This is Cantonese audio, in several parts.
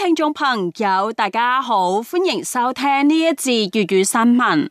聽眾朋友，大家好，歡迎收聽呢一節粵語新聞。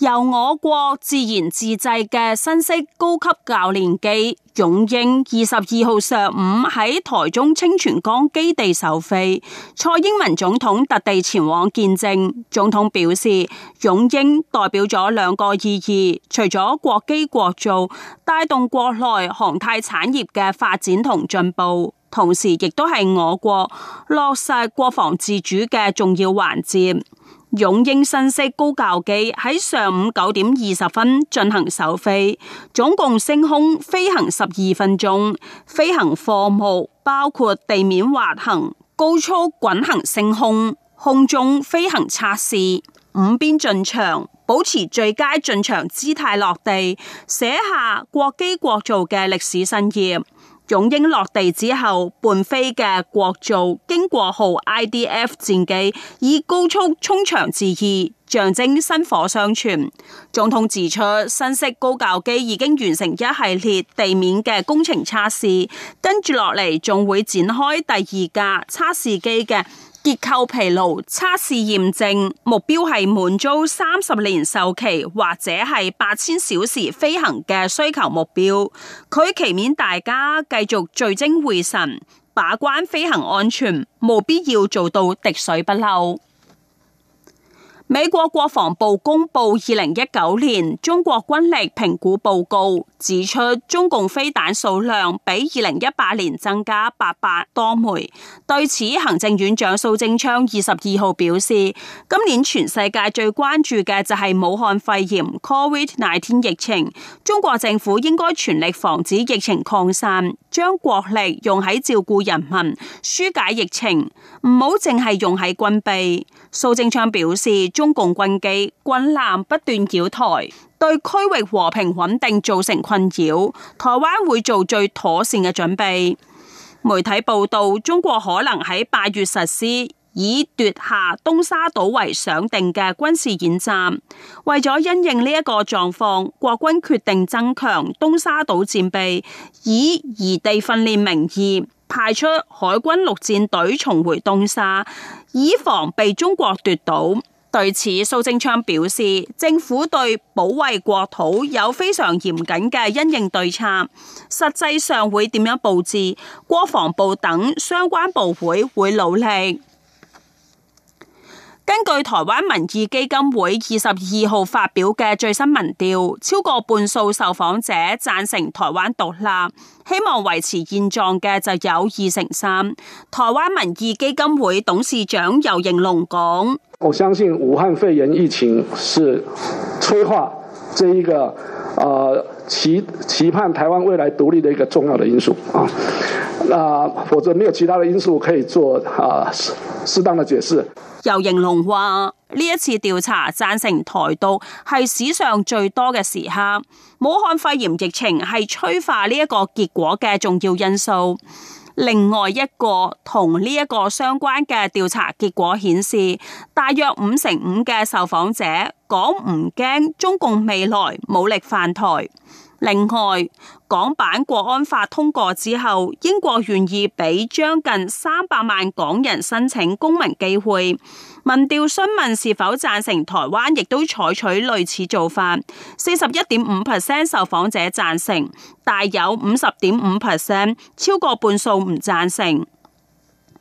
由我國自然自製嘅新式高級教練機勇鷹二十二號上午喺台中清泉崗基地首飛，蔡英文總統特地前往見證。總統表示，勇鷹代表咗兩個意義，除咗國機國造，帶動國內航太產業嘅發展同進步。同時，亦都係我國落實國防自主嘅重要環節。勇鷹新式高教機喺上午九點二十分進行首飛，總共升空飛行十二分鐘，飛行科目包括地面滑行、高速滾行升空、空中飛行測試、五邊進場，保持最佳進場姿態落地，寫下國機國造嘅歷史新頁。勇鷹落地之後，伴飛嘅國造經國號 IDF 戰機以高速衝場致意，象徵薪火相傳。總統指出，新式高教機已經完成一系列地面嘅工程測試，跟住落嚟仲會展開第二架測試機嘅。結構疲勞測試驗證目標係滿足三十年壽期或者係八千小時飛行嘅需求目標。佢期勉大家繼續聚精會神，把關飛行安全，務必要做到滴水不漏。美國國防部公布二零一九年中國軍力評估報告，指出中共飛彈數量比二零一八年增加八百多枚。對此，行政院長蘇貞昌二十二號表示：今年全世界最關注嘅就係武漢肺炎 （COVID-19） 疫情。中國政府應該全力防止疫情擴散，將國力用喺照顧人民、紓解疫情，唔好淨係用喺軍備。蘇貞昌表示。中共軍機軍艦不斷擾台，對區域和平穩定造成困擾。台灣會做最妥善嘅準備。媒體報道，中國可能喺八月實施以奪下東沙島為想定嘅軍事演戰。為咗因應呢一個狀況，國軍決定增強東沙島戰備，以移地訓練名義派出海軍陸戰隊重回東沙，以防被中國奪島。對此，蘇貞昌表示，政府對保衛國土有非常嚴謹嘅因應對策，實際上會點樣佈置，國防部等相關部會會努力。根據台灣民意基金會二十二號發表嘅最新民調，超過半數受訪者贊成台灣獨立，希望維持現狀嘅就有二成三。台灣民意基金會董事長尤盈龍講：我相信武漢肺炎疫情是催化這一個啊、呃、期期盼台灣未來獨立嘅一個重要嘅因素啊。那、呃、否則沒有其他的因素可以做啊適當的解釋。游盈龍話：呢一次調查贊成台獨係史上最多嘅時刻。武漢肺炎疫情係催化呢一個結果嘅重要因素。另外一個同呢一個相關嘅調查結果顯示，大約五成五嘅受訪者講唔驚中共未來武力犯台。另外，港版國安法通過之後，英國願意俾將近三百萬港人申請公民機會。民調詢問是否贊成台灣亦都採取類似做法，四十一點五 percent 受訪者贊成，大有五十點五 percent，超過半數唔贊成。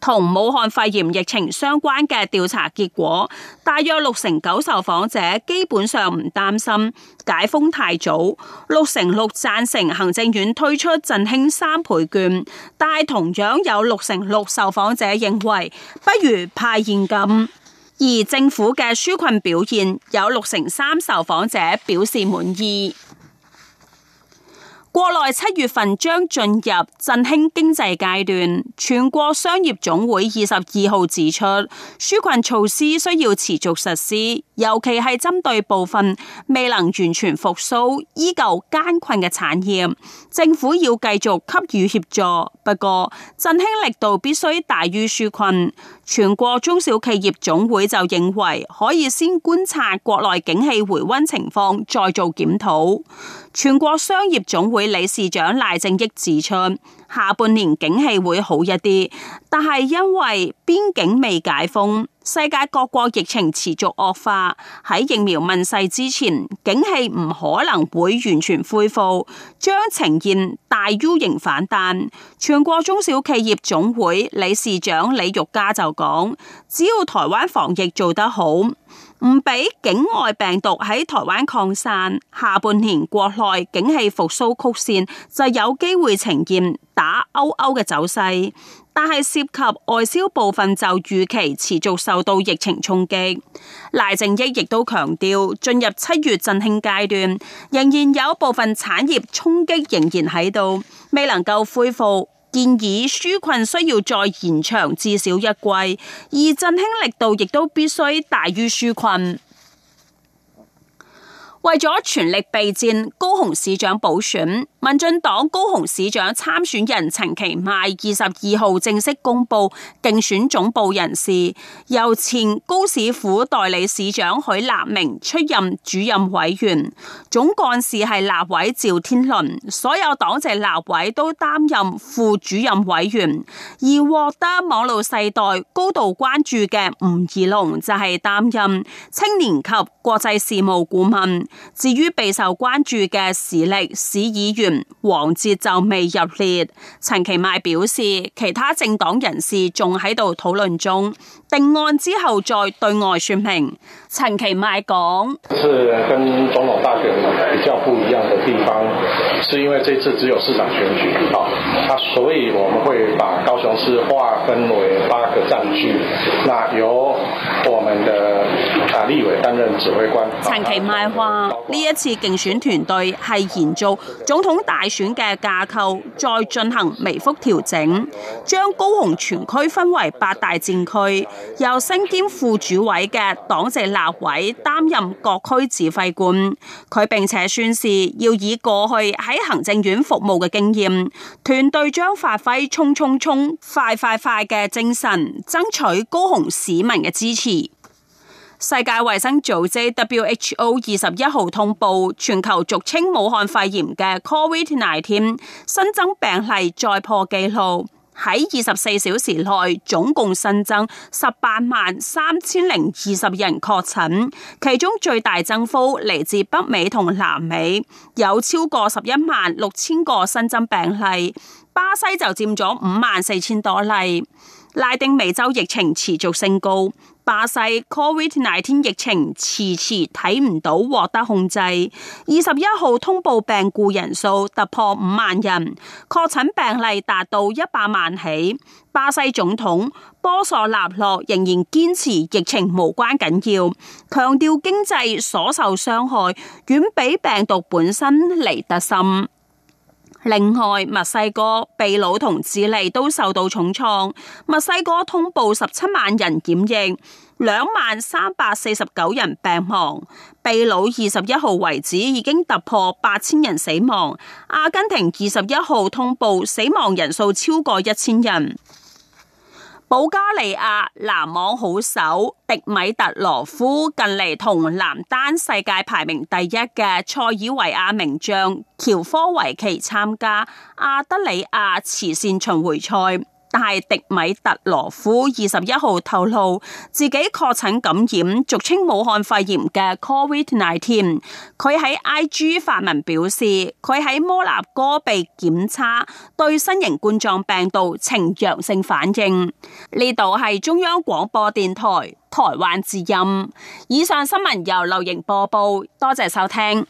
同武漢肺炎疫情相關嘅調查結果，大約六成九受訪者基本上唔擔心解封太早，六成六贊成行政院推出振興三倍券，但同樣有六成六受訪者認為不如派現金，而政府嘅紓困表現有六成三受訪者表示滿意。國內七月份將進入振興經濟階段，全國商業總會二十二號指出，紓困措施需要持續實施。尤其係針對部分未能完全復甦、依舊艱困嘅產業，政府要繼續給予協助。不過，振興力度必須大於紓困。全國中小企業總會就認為，可以先觀察國內景氣回溫情況，再做檢討。全國商業總會理事長賴正益指出，下半年景氣會好一啲，但係因為邊境未解封。世界各國疫情持續惡化，喺疫苗問世之前，景氣唔可能會完全恢復，將呈現大 U 型反彈。全國中小企業總會理事長李玉嘉就講：只要台灣防疫做得好。唔俾境外病毒喺台灣擴散，下半年國內景氣復甦曲線就有機會呈現打勾勾嘅走勢，但係涉及外銷部分就預期持續受到疫情衝擊。賴正鎰亦都強調，進入七月振興階段，仍然有部分產業衝擊仍然喺度，未能夠恢復。建議紓困需要再延長至少一季，而振興力度亦都必須大於紓困。為咗全力備戰高雄市長補選，民進黨高雄市長參選人陳其邁二十二號正式公布競選總部人事，由前高市府代理市長許立民出任主任委員，總幹事係立委趙天麟，所有黨籍立委都擔任副主任委員，而獲得網路世代高度關注嘅吳怡龍就係擔任青年及國際事務顧問。至於備受關注嘅時力市議員王哲就未入列，陳其邁表示其他政黨人士，仲喺度討論中，定案之後再對外說明。陳其邁講：這是跟總統大選比較不一樣的地方，是因為這次只有市長選舉，所以我們會把高雄市劃分為八個戰區，陳其邁話呢一次競選團隊係延續總統大選嘅架構，再進行微幅調整，將高雄全區分為八大戰區，由身兼副主委嘅黨籍立委擔任各區指揮官。佢並且宣示要以過去喺行政院服務嘅經驗，團隊將發揮衝衝衝、快快快嘅精神，爭取高雄市民嘅支持。世界衛生組織 WHO 二十一號通報，全球俗稱武漢肺炎嘅 COVID-19 新增病例再破紀錄，喺二十四小時內總共新增十八萬三千零二十人確診，其中最大增幅嚟自北美同南美，有超過十一萬六千個新增病例，巴西就佔咗五萬四千多例，拉丁美洲疫情持續升高。巴西 COVID-19 疫情遲遲睇唔到獲得控制，二十一號通報病故人數突破五萬人，確診病例達到一百萬起。巴西總統波索納洛仍然堅持疫情無關緊要，強調經濟所受傷害遠比病毒本身嚟得深。另外，墨西哥、秘魯同智利都受到重創。墨西哥通報十七萬人檢疫，兩萬三百四十九人病亡。秘魯二十一號為止已經突破八千人死亡。阿根廷二十一號通報死亡人數超過一千人。保加利亞男網好手狄米特羅夫近嚟同男單世界排名第一嘅塞爾維亞名將喬科維奇參加阿德里亞慈善巡迴賽。係，狄米特羅夫二十一號透露自己確診感染俗稱武漢肺炎嘅 COVID nineteen。佢喺 IG 發文表示，佢喺摩納哥被檢測對新型冠狀病毒呈陽性反應。呢度係中央廣播電台台灣之音。以上新聞由劉瑩播報，多謝收聽。